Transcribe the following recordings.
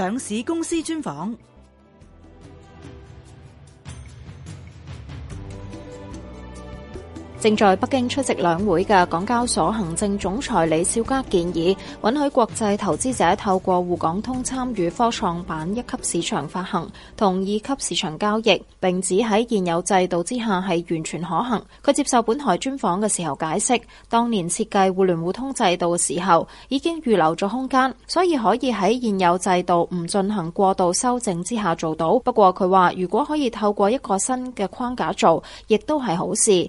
上市公司專訪。正在北京出席兩會嘅港交所行政總裁李小加建議，允許國際投資者透過滬港通參與科創板一級市場發行同二級市場交易，並指喺現有制度之下係完全可行。佢接受本台專訪嘅時候解釋，當年設計互聯互通制度嘅時候已經預留咗空間，所以可以喺現有制度唔進行過度修正之下做到。不過佢話，如果可以透過一個新嘅框架做，亦都係好事。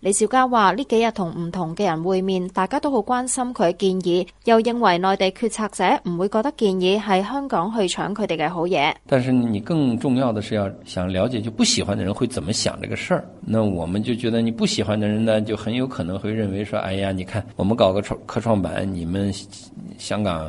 李小加話：呢幾日同唔同嘅人會面，大家都好關心佢建議，又認為內地決策者唔會覺得建議係香港去搶佢哋嘅好嘢。但是你更重要的是要想了解，就不喜歡的人會怎麼想呢個事？那我們就覺得你不喜歡的人呢，就很有可能會認為說：哎呀，你看我們搞個創科創板，你們香港。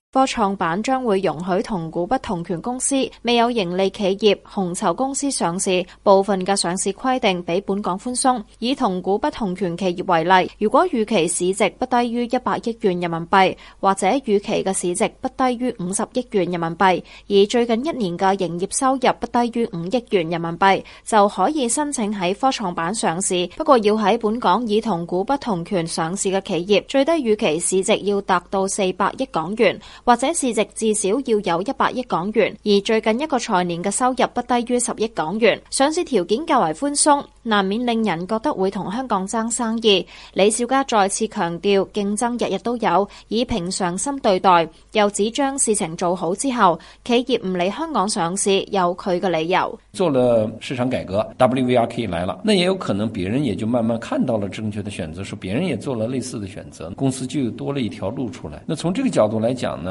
科創板將會容許同股不同權公司、未有盈利企業、紅籌公司上市，部分嘅上市規定比本港寬鬆。以同股不同權企業為例，如果預期市值不低於一百億元人民幣，或者預期嘅市值不低於五十億元人民幣，而最近一年嘅營業收入不低於五億元人民幣，就可以申請喺科創板上市。不過，要喺本港以同股不同權上市嘅企業，最低預期市值要達到四百億港元。或者市值至少要有一百億港元，而最近一個財年嘅收入不低於十億港元，上市條件較為寬鬆，難免令人覺得會同香港爭生意。李小加再次強調，競爭日日都有，以平常心對待，又指將事情做好之後，企業唔理香港上市有佢嘅理由。做了市場改革，WVRK 來了，那也有可能別人也就慢慢看到了正確的選擇，說別人也做了類似的選擇，公司就多了一條路出來。那從這個角度來講呢？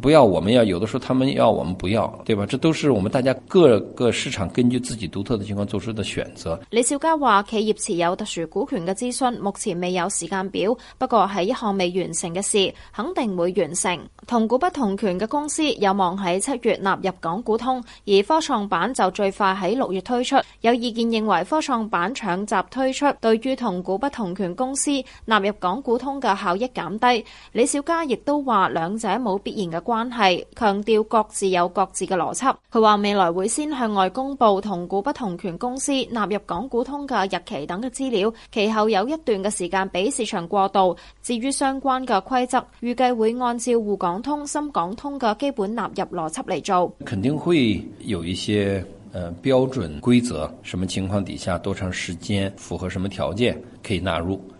不要，我們要有的時候，他們要我們不要，對吧？這都是我們大家各個市場根據自己獨特的情況做出的選擇。李小加話：企業持有特殊股權嘅諮詢，目前未有時間表，不過係一項未完成嘅事，肯定會完成。同股不同權嘅公司有望喺七月納入港股通，而科創板就最快喺六月推出。有意見認為科創板搶閘推出，對於同股不同權公司納入港股通嘅效益減低。李小加亦都話兩者冇必然嘅關係強調各自有各自嘅邏輯。佢話未來會先向外公布同股不同權公司納入港股通嘅日期等嘅資料，其後有一段嘅時間俾市場過渡。至於相關嘅規則，預計會按照滬港通、深港通嘅基本納入邏輯嚟做。肯定會有一些，誒標準規則，什麼情況底下多長時間符合什麼條件可以納入。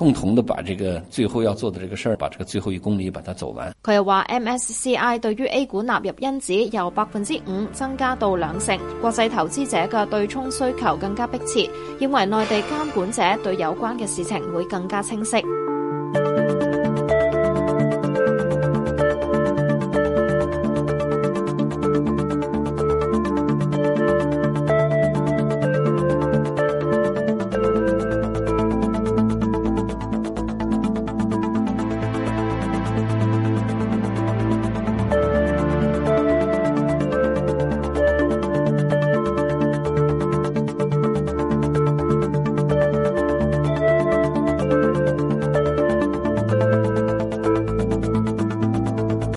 共同的把這個最後要做的這個事兒，把這個最後一公里把它走完。佢又話，MSCI 對於 A 股納入因子由百分之五增加到兩成，國際投資者嘅對沖需求更加迫切，認為內地監管者對有關嘅事情會更加清晰。